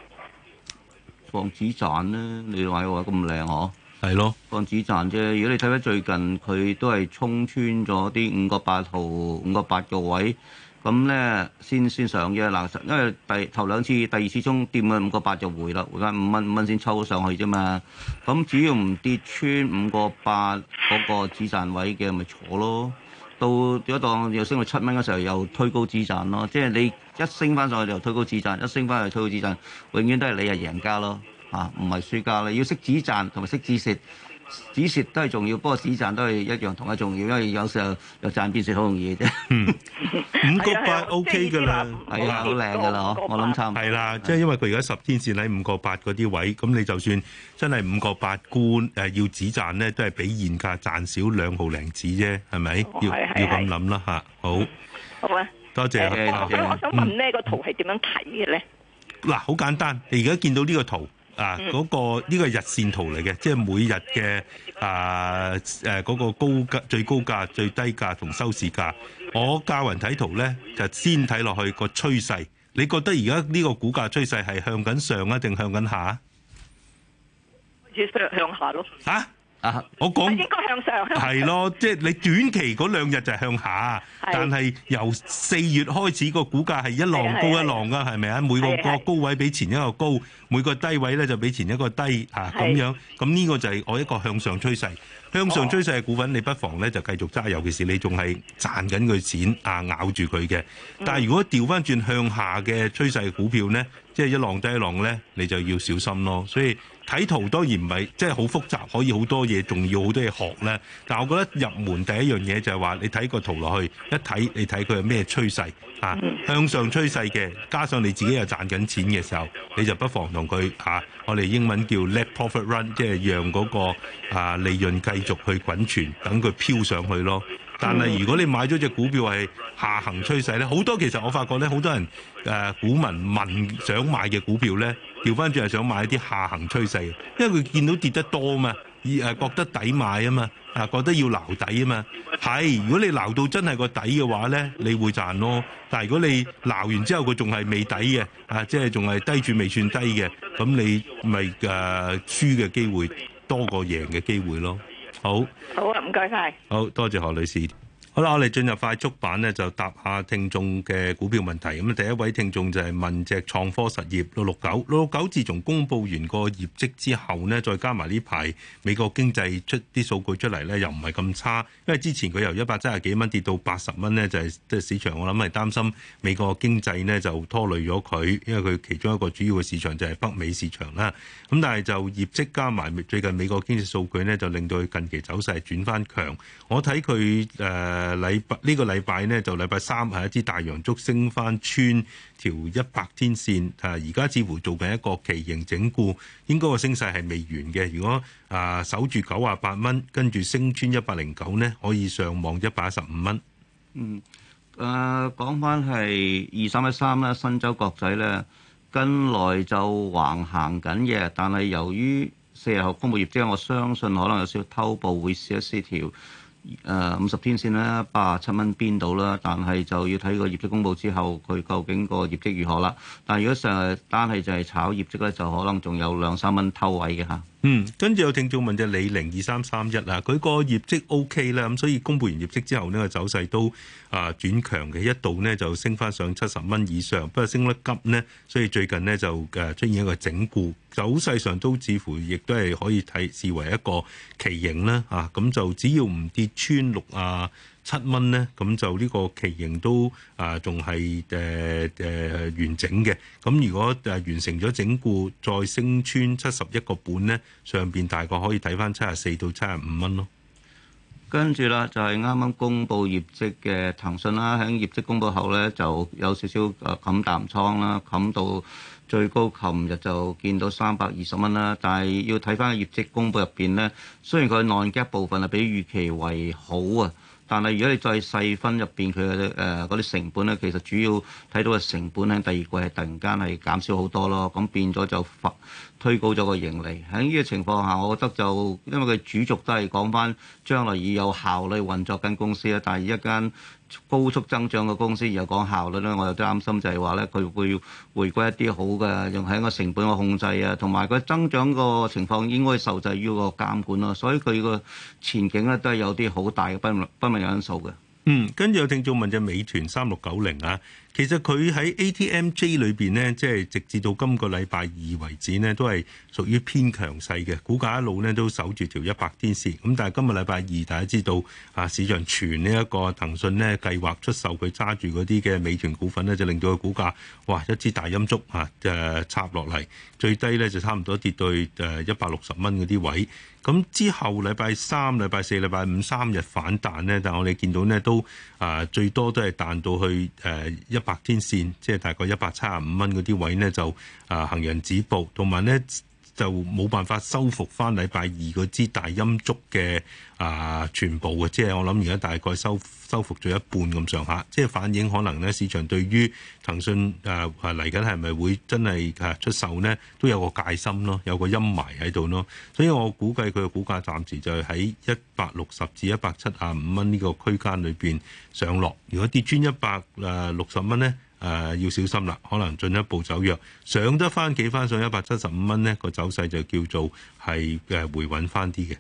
A: 放子彈呢？你話我咁靚嗬？係咯，放止賺啫。如果你睇翻最近，佢都係衝穿咗啲五個八毫、五個八嘅位，咁咧先先上嘅，嗱，因為第頭兩次、第二次衝掂嘅五個八就回啦，回翻五蚊、五蚊先抽上去啫嘛。咁只要唔跌穿五個八嗰個止賺位嘅，咪坐咯。到咗一檔又升到七蚊嘅時候，又推高止賺咯。即係你一升翻上去就推高止賺，一升翻去推高止賺，永遠都係你係贏家咯。啊，唔係輸價啦，要識止賺同埋識止蝕，止蝕都係重要，不過止賺都係一樣同一重要，因為有時候由賺變蝕好容易啫。
C: 五角八
A: OK 噶啦，係啊，好靚噶啦，我諗差唔多。
B: 係啦，即係因為佢而家十天線喺五角八嗰啲位，咁你就算真係五角八沽誒要止賺咧，都係比現價賺少兩毫零子啫，係咪、哦？要要咁諗啦吓，好，好啊，多謝。我想問呢個圖係點樣
C: 睇嘅咧？
B: 嗱、uh，好、嗯啊、簡單，你而家見到呢個圖。啊！嗰個呢個日線圖嚟嘅，即係每日嘅啊誒嗰個高價、最高價、最低價同收市價。我教人睇圖咧，就先睇落去個趨勢。你覺得而家呢個股價趨勢係向緊上啊，定向緊下？
C: 開始向下咯。嚇！我講應該向上啦，係
B: 咯，即、就、係、是、你短期嗰兩日就係向下，的但係由四月開始個股價係一浪高一浪噶，係咪啊？每個個高位比前一個高，的每個低位咧就比前一個低嚇咁的、啊、樣，咁呢個就係我一個向上趨勢。向上趨勢嘅股份，你不妨咧就繼續揸，尤其是你仲係賺緊佢錢啊，咬住佢嘅。但係如果調翻轉向下嘅趨勢股票呢？即係一浪低一浪呢，你就要小心咯。所以睇圖當然唔係即係好複雜，可以好多嘢，仲要好多嘢學呢。但係我覺得入門第一樣嘢就係話你睇個圖落去一睇，你睇佢係咩趨勢啊？向上趨勢嘅，加上你自己又賺緊錢嘅時候，你就不妨同佢啊！我哋英文叫 let profit run，即係讓嗰個啊利潤繼續去滾存，等佢飄上去咯。但係如果你買咗隻股票係下行趨勢咧，好多其實我發覺咧，好多人誒股、呃、民問想買嘅股票咧，掉返轉係想買啲下行趨勢，因為佢見到跌得多嘛，而係覺得抵買啊嘛，啊覺得要撈底啊嘛，係如果你撈到真係個底嘅話咧，你會賺咯。但係如果你撈完之後佢仲係未底嘅，啊即係仲係低住未算低嘅，咁你咪誒、啊、輸嘅機會多過贏嘅機會咯。好，好啊，
C: 唔該晒，
B: 好多謝何女士。好啦，我哋進入快速版呢就答下聽眾嘅股票問題。咁第一位聽眾就係問隻創科實業六六九，六六九自從公布完個業績之後呢再加埋呢排美國經濟出啲數據出嚟呢又唔係咁差。因為之前佢由一百七十幾蚊跌到八十蚊呢就係即係市場我諗係擔心美國經濟呢就拖累咗佢，因為佢其中一個主要嘅市場就係北美市場啦。咁但係就業績加埋最近美國經濟數據呢，就令到佢近期走勢轉返強。我睇佢誒。呃誒禮拜呢、這個禮拜呢，就禮拜三係一支大陽燭升翻穿條一百天線，啊！而家似乎做緊一個旗形整固，應該個升勢係未完嘅。如果啊守住九啊八蚊，跟住升穿一百零九呢，可以上往一百一十五蚊。
A: 嗯，誒講翻係二三一三啦，13, 申洲國際咧，近來就橫行緊嘅，但係由於四日後公布業績，我相信可能有少偷步會試一試調。誒五十天線啦，八十七蚊邊度啦，但係就要睇個業績公布之後，佢究竟個業績如何啦。但係如果成日單係就係炒業績咧，就可能仲
B: 有兩三蚊偷位嘅吓。嗯，跟住有聽眾問就李寧二三三一啊，佢個業績 OK 啦，咁所以公布完業績之後呢個走勢都啊轉強嘅，一度呢就升翻上七十蚊以上，不過升得急呢，所以最近呢就誒出現一個整固，走勢上都似乎亦都係可以睇視為一個奇形啦，啊，咁就只要唔跌穿六啊七蚊呢，咁就呢個期形都啊，仲係誒誒完整嘅。咁、啊、如果誒完成咗整固，再升穿七十一個半呢，上邊大概可以睇翻七十四到七十五蚊咯。
A: 跟住啦，就係啱啱公布業績嘅騰訊啦，喺業績公布後呢，就有少少誒冚淡倉啦，冚到最高。琴日就見到三百二十蚊啦，但係要睇翻業績公布入邊呢，雖然佢攰一部分啊，係比預期為好啊。但係如果你再細分入邊佢嘅嗰啲成本咧，其實主要睇到嘅成本咧，第二季係突然間係減少好多咯，咁變咗就推高咗個盈利。喺呢個情況下，我覺得就因為佢主軸都係講返將來以有效率運作間公司咧，但係一間高速增長嘅公司，而又講效率咧，我又擔心就係話咧，佢會回歸一啲好嘅，用喺個成本嘅控制啊，同埋佢增長個情況應該受制於個監管咯，所以佢個前景咧都係
B: 有啲好大嘅不不明因素嘅。嗯，跟住有聽眾問就美團三六九零啊。其實佢喺 ATMJ 裏邊呢，即係直至到今個禮拜二為止呢，都係屬於偏強勢嘅，股價一路呢，都守住條一百天線。咁但係今日禮拜二大家知道啊，市場傳呢一個騰訊咧計劃出售佢揸住嗰啲嘅美團股份呢，就令到佢股價哇一支大陰燭啊，誒插落嚟，最低呢就差唔多跌到去一百六十蚊嗰啲位。咁之後禮拜三、禮拜四、禮拜五三日反彈呢，但係我哋見到呢都啊最多都係彈到去誒一。啊白天線即係、就是、大概一百七十五蚊嗰啲位呢，就啊行人止步，同埋呢。就冇辦法修復翻禮拜二嗰支大陰燭嘅，啊全部嘅，即係我諗而家大概修修復咗一半咁上下，即係反映可能呢，市場對於騰訊啊嚟緊係咪會真係出售呢都有個戒心咯，有個陰霾喺度咯，所以我估計佢嘅股價暫時就喺一百六十至一百七十五蚊呢個區間裏邊上落。如果跌穿一百啊六十蚊呢？誒、呃、要小心啦，可能進一步走弱，上得翻幾翻上一百七十五蚊呢個走勢就叫做係誒回穩翻啲嘅。誒、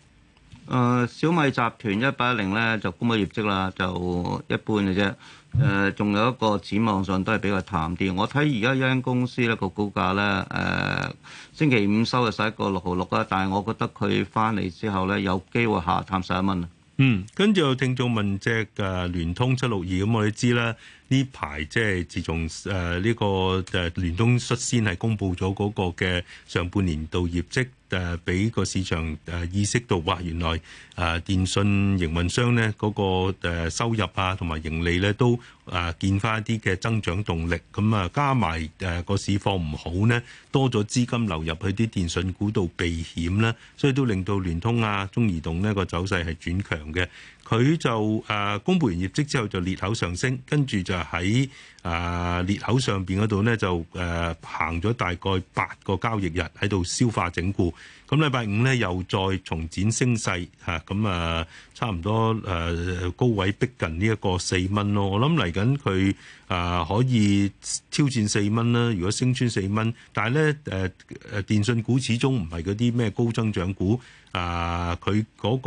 B: 呃、小米集團
A: 一八一零咧就公佈業績啦，就一般嘅啫。誒、呃、仲有一個展望上都係比較淡啲。我睇而家一間公司咧個股價咧誒、呃、星期五
B: 收嘅十一個六毫六啦，但係我覺得佢翻嚟之後咧有機會下探十一蚊。嗯，跟住有聽眾問隻誒、啊、聯通七六二咁，我哋知啦。呢排即係自從誒呢個誒聯通率先係公布咗嗰個嘅上半年度業績，誒俾個市場誒意識到，哇原來誒電信營運商呢嗰個收入啊同埋盈利咧都誒見翻一啲嘅增長動力，咁啊加埋誒個市況唔好呢，多咗資金流入去啲電信股度避險啦，所以都令到聯通啊、中移動呢個走勢係轉強嘅。佢就誒公佈完業績之後就裂口上升，跟住就喺誒裂口上面嗰度呢就誒行咗大概八個交易日喺度消化整固，咁禮拜五呢又再重展升勢嚇，咁啊差唔多誒高位逼近呢一個四蚊咯，我諗嚟緊佢。啊！可以挑戰四蚊啦，如果升穿四蚊，但係咧誒誒電信股始終唔係嗰啲咩高增長股啊，佢嗰、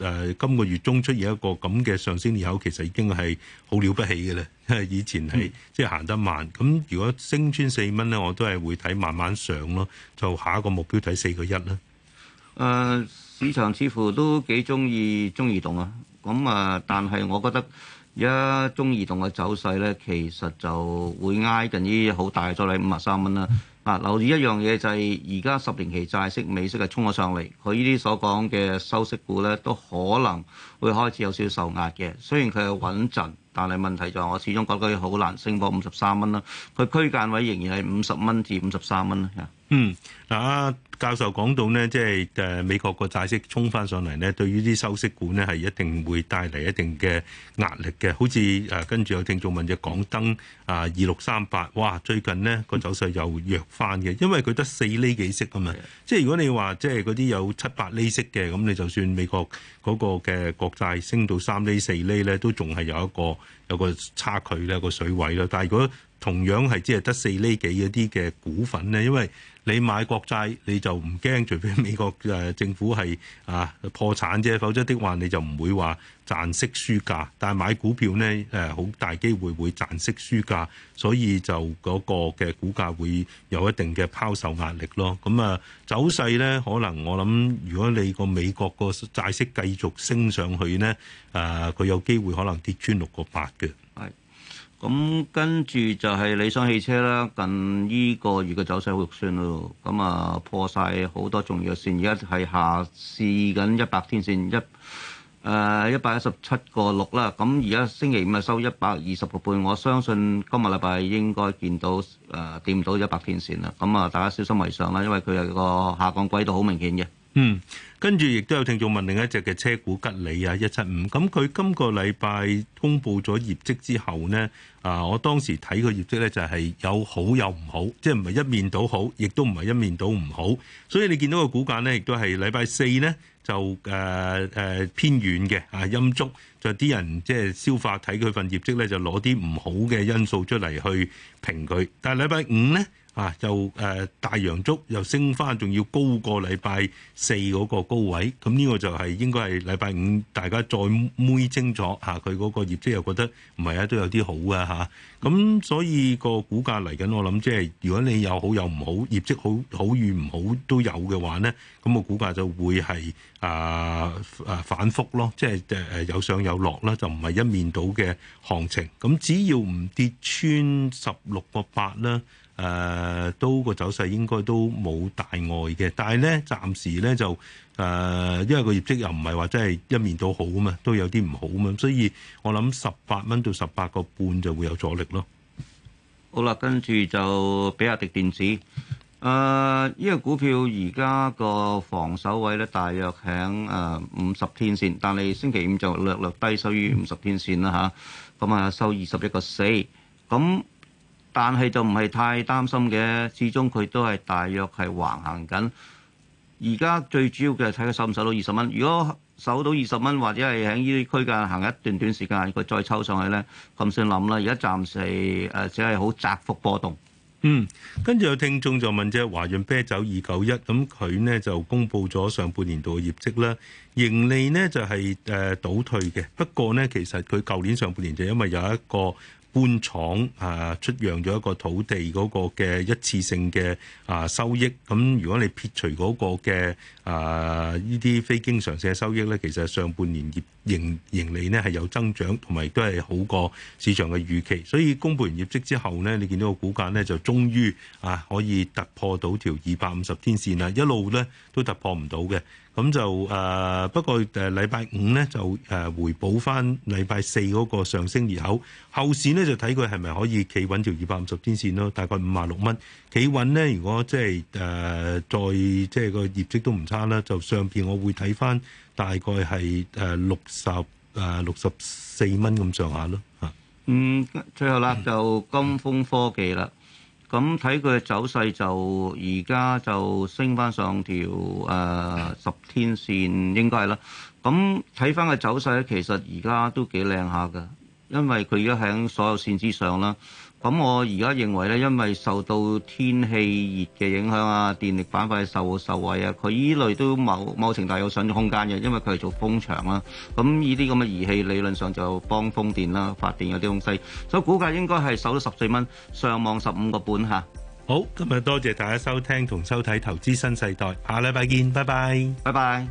B: 那個、啊、今個月中出現一個咁嘅上升裂口，其實已經係好了不起嘅咧，因為以前係即係行得慢。咁、嗯、如果升穿四蚊咧，我都係會睇慢慢上咯，就下一個目標睇四個一啦。誒、啊，市場似乎都幾中意中移動
A: 啊，咁啊，但係我覺得。而家中移動嘅走勢咧，其實就會挨近啲好大阻力五十三蚊啦。嗱、啊，留意一樣嘢就係，而家十年期債息美息係衝咗上嚟，佢呢啲所講嘅收息股咧，都可能會開始有少少受壓嘅。雖然佢係穩陣，但係問題就係我始終覺得佢好難升過
B: 五十三蚊啦。佢、啊、區間位仍然係五十蚊至五十三蚊啦。啊。嗯，嗱，教授講到呢，即係誒美國個債息衝翻上嚟呢，對於啲收息股呢，係一定會帶嚟一定嘅壓力嘅。好似誒跟住有聽眾問嘅港燈啊，二六三八，哇！最近呢個走勢又弱翻嘅，因為佢得四厘幾息啊嘛。的即係如果你話即係嗰啲有七八厘息嘅，咁你就算美國嗰個嘅國債升到三厘四厘咧，都仲係有一個有個差距咧個水位咧。但係如果同樣係只係得四厘幾嗰啲嘅股份咧，因為你買國債你就唔驚，除非美國誒、啊、政府係啊破產啫，否則的話你就唔會話賺息輸價。但係買股票咧誒，好、啊、大機會會賺息輸價，所以就嗰個嘅股價會有一定嘅拋售壓力咯。咁啊走勢咧，可能我諗，如果你個美國個債息繼續升上去咧，啊佢有機會可能跌穿六個八嘅。咁、嗯、跟
A: 住就係理想汽車啦。近呢個月嘅走勢好肉酸咯，咁、嗯、啊破晒好多重要線。而家係下試緊一百天線一誒一百一十七個六啦。咁而家星期五啊收一百二十六半，我相信今日禮拜應該見到誒掂、呃、到一百天線啦。咁、嗯、啊，大家小心為上啦，因為佢係個
B: 下降軌道好明顯嘅。嗯，跟住亦都有聽眾問另一隻嘅車股吉利啊一七五，咁佢今個禮拜公布咗業績之後呢，啊、呃，我當時睇佢業績呢，就係有好有唔好，即係唔係一面倒好，亦都唔係一面倒唔好，所以你見到個股價呢，亦都係禮拜四呢，就誒誒、呃呃、偏遠嘅啊陰燭，就啲、是、人即係消化睇佢份業績呢，就攞啲唔好嘅因素出嚟去評佢，但係禮拜五呢。啊！又誒大陽燭，又升翻，仲要高過禮拜四嗰個高位。咁呢個就係應該係禮拜五大家再悶精咗嚇。佢嗰個業績又覺得唔係啊，都有啲好啊嚇。咁所以個股價嚟緊，我諗即係如果你有好有唔好業績好，好好與唔好都有嘅話咧，咁、個股價就會係啊啊反覆咯，即係誒有上有落啦，就唔係一面倒嘅行情。咁只要唔跌穿十六個八啦。誒、呃、都個走勢應該都冇大礙嘅，但係咧暫時咧就誒、呃，因為個業績又唔係話真係一面到好啊嘛，都有啲唔好啊嘛，所以我諗十八蚊到十八個半就會有阻力咯。
A: 好啦，跟住就比亞迪電子，誒呢個股票而家個防守位咧大約喺誒五十天線，但係星期五就略略低收於五十天線啦嚇。咁啊收二十一個四咁。但係就唔係太擔心嘅，始終佢都係大約係橫行緊。而家最主要嘅係睇佢收唔收到二十蚊。如果守到二十蚊，或者係喺呢啲區間行一段短時間，佢再抽上去咧，咁先諗啦。而家暫時誒、呃、
B: 只係好窄幅波動。嗯，跟住有聽眾就問啫，華潤啤酒二九一咁，佢呢就公布咗上半年度嘅業績啦，盈利呢就係、是、誒、呃、倒退嘅。不過呢，其實佢舊年上半年就因為有一個。官廠啊，出讓咗一個土地嗰個嘅一次性嘅啊收益，咁如果你撇除嗰個嘅。啊！呢啲非經常性嘅收益咧，其實上半年業盈盈利咧係有增長，同埋都係好過市場嘅預期。所以公布完業績之後呢，你見到個股價呢，就終於啊可以突破到條二百五十天線啦，一路呢都突破唔到嘅。咁就誒、啊、不過誒禮拜五呢，就誒回補翻禮拜四嗰個上升缺口，後市呢，就睇佢係咪可以企穩條二百五十天線咯，大概五萬六蚊。企穩咧，如果即係誒再即係個業績都唔差啦，就上邊我會睇翻大概係誒六十誒六十四蚊咁上下咯
A: 嚇。呃啊、嗯，最後啦就金峰科技啦，咁睇佢嘅走勢就而家就升翻上條誒十、呃、天線應該係啦。咁睇翻嘅走勢咧，其實而家都幾靚下㗎，因為佢而家喺所有線之上啦。咁我而家認為咧，因為受到天氣熱嘅影響啊，電力板塊受惠受惠啊，佢依類都某某程度上有上空間嘅，因為佢係做風場啦。咁呢啲咁嘅儀器理論上就幫風電啦發電有啲東西，所以估計應該係收到十四
B: 蚊上望十五個半嚇。好，今日多謝大家收聽同收睇《投資新世代》，下禮拜見，拜拜，拜拜。